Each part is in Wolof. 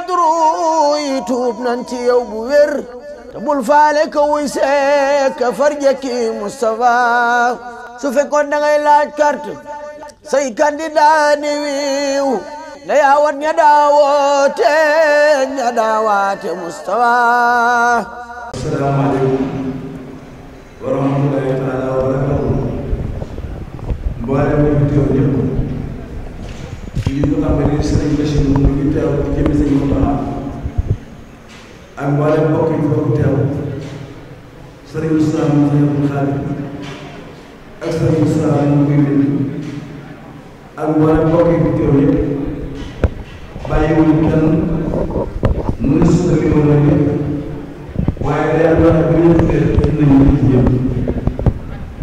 badru yi tuub nan ci yow bu wér te bul faale ka wuy see ka farjaki Moustapha su fekkoon da ngay laaj carte say candidat ni wiiw na yaa wat ña daawoote ña daawaate Moustapha asalaamaaleykum wa rahmatulahi taala wa barakatu mboolem bi teew ñëpp di ko baax ak mboolem mbokk yi bokk teew sëriñ Moussa mu ngi xaalis ak sëriñ Moussa mu ngi bind ak mboolem mbokk yi teew yëpp bàyyiwuñu kenn ministre bi ma ne waaye day am wax bi ñu tuddee nañu ci yëpp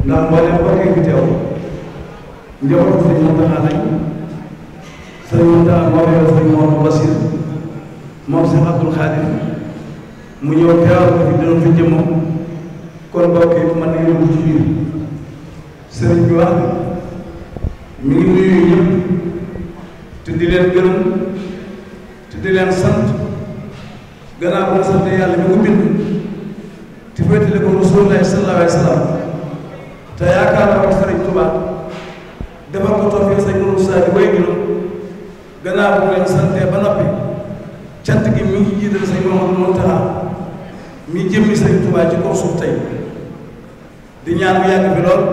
ndax mboolem mbokk yi teew njabootu sëriñ Moussa lañ sëriñ Moussa moo yor sëriñ Moussa Bassir mom sa Abdul Xaadir mu ñew teewal ko fi dina fi jëmm kon mbokk yi man ñu yóbbu ci biir sëriñ bi wax mi ngi nuyu ñëpp te di leen gërëm te di leen sant gannaaw bu sant yàlla bi ko bind te féetale ko Rasulullah sallallahu alayhi wasallam sallam te yaakaar naa ko sëriñ tuba dafa ko toog fii sëñ Moussa di way gërëm bu leen santee ba noppi cant gi mi ngi jiital sëñ Mouhamadou Mountakha mi jëmmi sëñ Touba ci kaw suuf tey di ñaan bu yàgg bi lool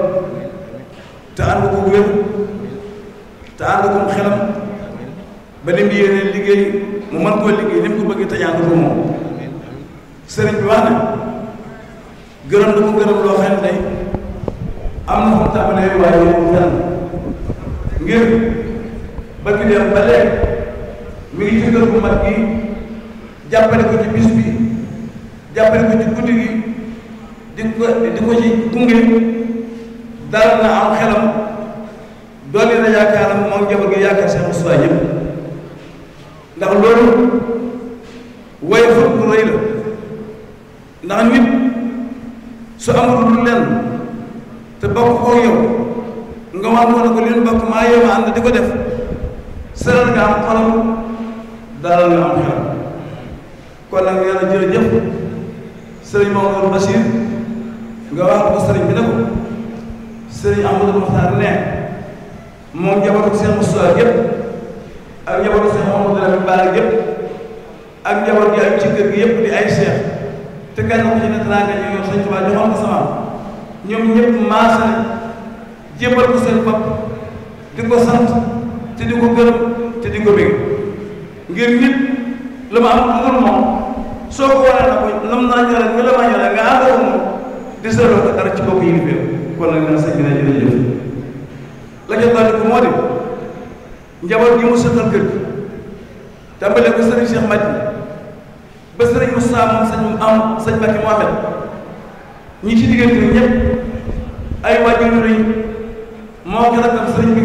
te ànd ko wér te ànd ko xelam ba ni mu yéene liggéey mu mën koo liggéey ni mu ko bëgg te ñaan ko moom sëriñ bi wax na gërëm na ko gërëm loo xam ne am na xam tàmbalee waaye yéen ngir bëgg dem ba léegi mi ngi ci kër bu mag gi jàppale ko ci bis bi ko ci guddi gi di ko di ko ci gunge dara na am xelam doole na yaakaaram moom njaboot gi yaakaar seen musuwaay yëpp ndax loolu waaye foofu bu la ndax nit su amul lu lenn te bokk ko yow nga wax ko ne ko leen bokk maa yow ma di ko def seral nga am xolam dara lu am xel kon nag nee na jërëjëf sëriñ Maodo Bachir nga wax ko sëriñ bi ne ko sëriñ Amadou Mokhtar ne moom njabootu seen musuwaar yëpp ak njabootu seen Mamadou Lamine Bara yëpp ak njaboot gi ak ci gi yëpp ay seex te kenn ku ci nekk naa nga ñëw sëñ Tuubaa ñoom ñëpp maase jébal ko seen di ko sant di ko gërëm di ko bëgg ngir nit la ma am moom soo ko waree na ko lam naa ñore nga la ma ñore nga àndoo moom di seetloo ko dara ci bopp yi nii kon nag naan sëñ bi nañ jërëjëf la ca dolli di njaboot gi mu kër gi tàmbale ko sëriñ Cheikh Madi ba sëriñ Moussa moom sëñ am sëñ Mbacké Mohamed ñi ci diggante bi ñëpp ay waajur lañ moo ko rakkam sëriñ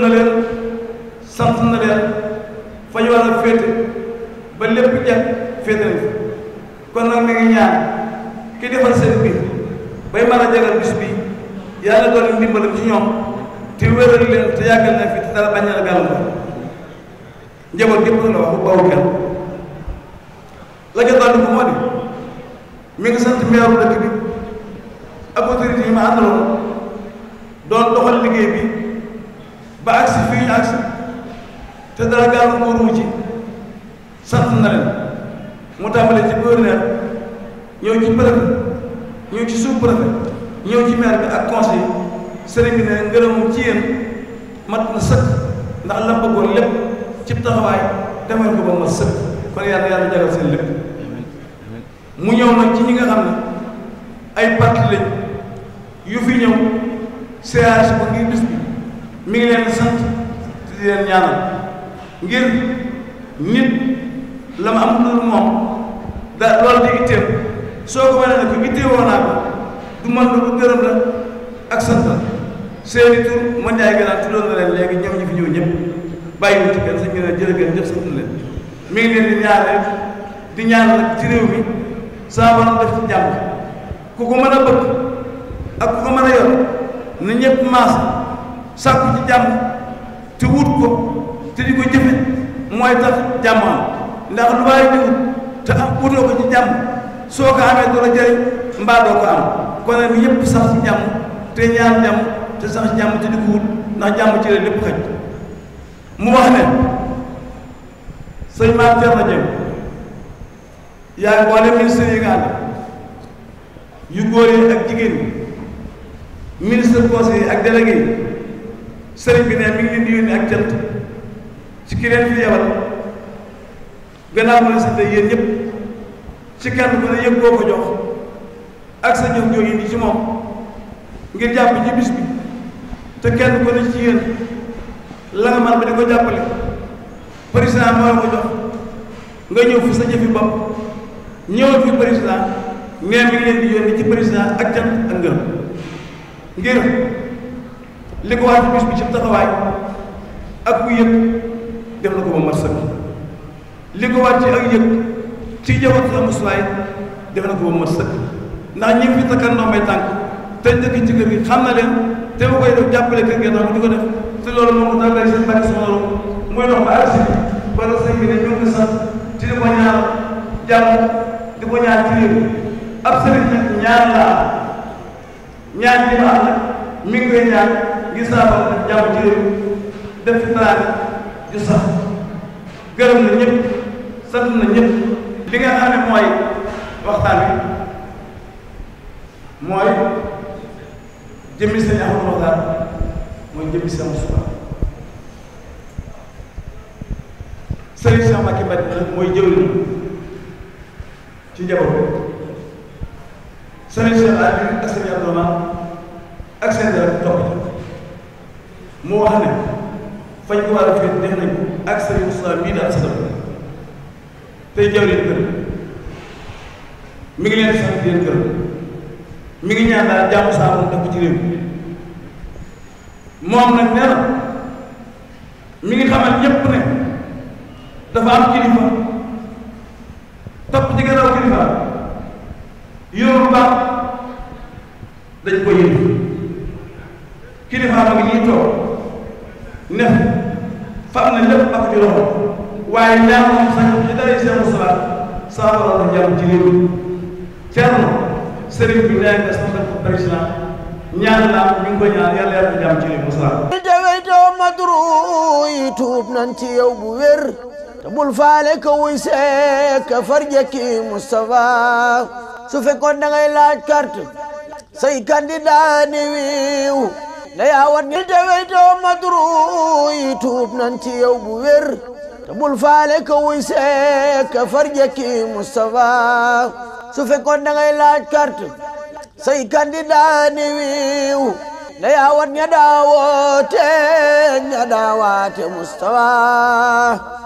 na leen sant na leen fa ñu war a ba lépp jag féete lañ kon nag mi ñaan ki defal seen bi bay mën a jagal bis bi yàlla doon ndimbalam ci ñoom te wéral leen te yàggal na fi te dara bañ a njaboot gépp la wax boobu kenn la ca doon ko moo di mi ngi sant meeru dëkk bi ak autorité yi ma àndaloon doon doxal liggéey bi ba agsi fii ñu te dara gàllankoor wu ci sant na leen mu tàmbalee ci gouverneur ñëw ci préfet ñëw ci sous-préfet ñëw ci maire bi ak conseil sëriñ bi ne ngërëmum ci yéen mat na sëkk ndax la bëggoon lépp ci taxawaay demee ko ba mat sëkk kon yàlla yàlla jagal seen lépp mu ñëw nag ci ñi nga xam ne ay parti lañ yu fi ñëw CRG ba ngir bis bi mi ngi leen sant di leen ñaanal ngir nit la ma am loolu moom da loolu di itteem soo ko mënee ne ko itteewoo naa ko du man lu gërëm la ak sant la seeni tur mën jaay gën a na leen léegi ñoom ñi fi ñëw ñëpp bàyyi wu ci kenn sañ gën a jërë ngeen jëf sant na leen mi ngi leen di ñaanal di ñaanal nag ci réew mi saa borom def ci jàmm ku ko mën a bëgg ak ku ko mën a yor na ñëpp maas sàkku ci jàmm te ko te di ko jëfe mooy tax jàmm am ndax lu waay di wut te am utoo ko soo ko amee doo la mbaa doo ko am kon nag yëpp sax ci te ñaan ndax jàmm ci lépp xaj mu wax ne sëñ Maam Cerno yaa ngi wala ministre yi nga ànd yu góor yi ak ak délégué yi bi ne mi ngi leen ak cant ci ki leen fi ganaa gannaaw ma sant yéen ñëpp ci kenn ku ne yëg boo ko jox ak sa jëf jóge ni ci moom ngir jàpp ci bis bi te kenn ku ne ci yéen la nga man ba di ko jàppale président moo la ko jox nga ñëw fi sa jëfi bopp ñëwal fi président mais mi ngi leen di yónni ci président ak cant ak ngërëm ngir li ko wax bis bi ci ak ku yëpp def na ko ba marché bi li ko ci ja yëg ci yëwat la muslaay na ko ba marché ndax ñi fi takkan ndox may tànk te dëkk ci kër gi xam na leen te mu koy def jàppale kër gi daal di ko def te loolu moom mu tàmbalee seen bàyyi sama loolu muy dox ba arsi wala sëñ bi ne ñu ngi sant ci di ko ñaar jàmm di ko ñaar ci réew ab sëriñ nag ji ma am nag mi ngi koy ñaar ngir saafara jàmm ci ju sax gërëm na ñëpp sant na ñëpp li nga xam mooy waxtaan mooy jëmmi sëñ Ahmadou Mokhtar mooy jëmmi sëñ Moustapha sëriñ Cheikh Mbacké Madina mooy jëwriñ ci njaboot bi sëriñ Cheikh Ali ak sëriñ Abdourahmane ak seen topp mu wax ne Touba Rafet def nañ ko ak Serigne Moussa tey jaww leen mi ngi leen di sant di mi ngi ñaan daal jàmm saa woon moom nag nee na mi ngi xamal ñépp ne dafa am kilifa topp ci gannaaw kilifa yow ne lépp ak ci loxo waaye ñaar moom sax ci dara seen musalaat saa waral na jàmm ci réew mi Thierno sëriñ bi nee na sant ko président ñaan naa ñu ngi ko ñaan yàlla yàlla na jàmm ci réew musalaat. li deweytoo madru yi tuub nan ci yow bu wér te bul faale ko wuy seek far jekki Moustapha su fekkoon da ngay laaj carte say candidat ni wiiw ne yaa wat ngir te weytoo madru yi tuub nan ci bu wér te bul faale ka wuy see ka farjaki Moustapha su fekkoon da ngay laaj carte say candidat wiiw ne yaa wat ña daawoo ña daawaate Moustapha